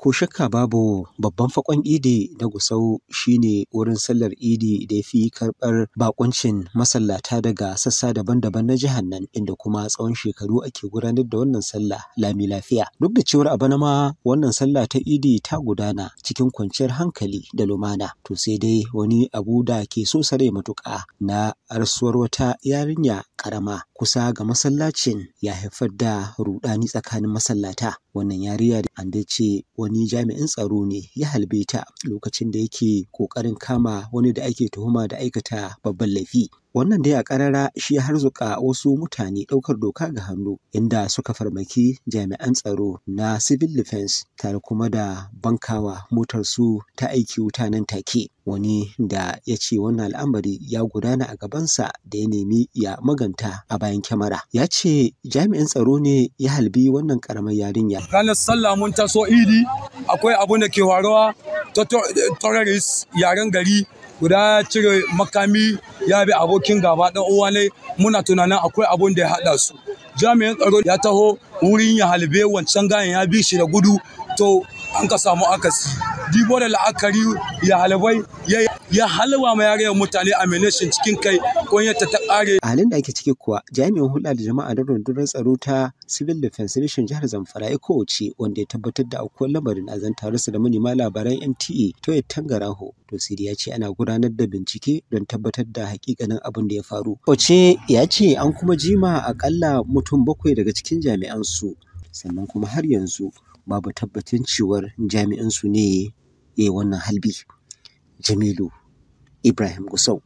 Ko shakka babu babban fakon idi na Gusau shine wurin sallar idi da ya fi karɓar bakuncin masallata daga sassa daban-daban na jihar nan inda kuma tsawon shekaru ake gudanar da wannan sallah lami lafiya. Duk da cewar a bana ma wannan sallah ta idi ta gudana cikin kwanciyar hankali da lumana. To sai dai wani abu da ke so sare matuƙa na rasuwar wata yarinya karama kusa ga masallacin ya haifar da rudani tsakanin masallata. Wannan yariya an ce wani wani jami'in tsaro ne ya halbe ta lokacin da yake ƙoƙarin kama wani da ake tuhuma da aikata babban laifi. wannan dai a karara shi ya zuka wasu mutane ɗaukar doka ga hannu inda suka farmaki jami'an tsaro na civil defense tare kuma da bankawa motarsu ta aiki wuta nan take wani da ya ce wannan al'amari ya gudana a gabansa da ya nemi ya maganta a bayan kyamara ya ce jami'in tsaro ne ya halbi wannan karamar yarinya ranar sallah mun taso idi akwai abin da ke faruwa eh, terrorist yaren gari guda cire makami ya bi abokin gaba dan uwa ne muna tunanin akwai abun da ya hada su jami'in tsaro ya taho wurin ya halbe wancan gayan ya bi shi da gudu to an ka samu akasi dibo da la'akari ya halabai ya halwa ma yare mutane a menation cikin kai kunyarta ta kare. A halin da ake ciki kuwa jami'in hulɗa da jama'a da rundunar tsaro ta Civil Defense Division jihar Zamfara ya kowace wanda ya tabbatar da akwai lamarin a zan tare su da manema labaran NTA to ya tangaraho. To sidi ya ce ana gudanar da bincike don tabbatar da hakikanin abin da ya faru. Oce ya ce an kuma jima akalla mutum bakwai daga cikin jami'an su sannan kuma har yanzu babu tabbacin cewar jami'an su ne eh wannan halbi jamilu ibrahim gusau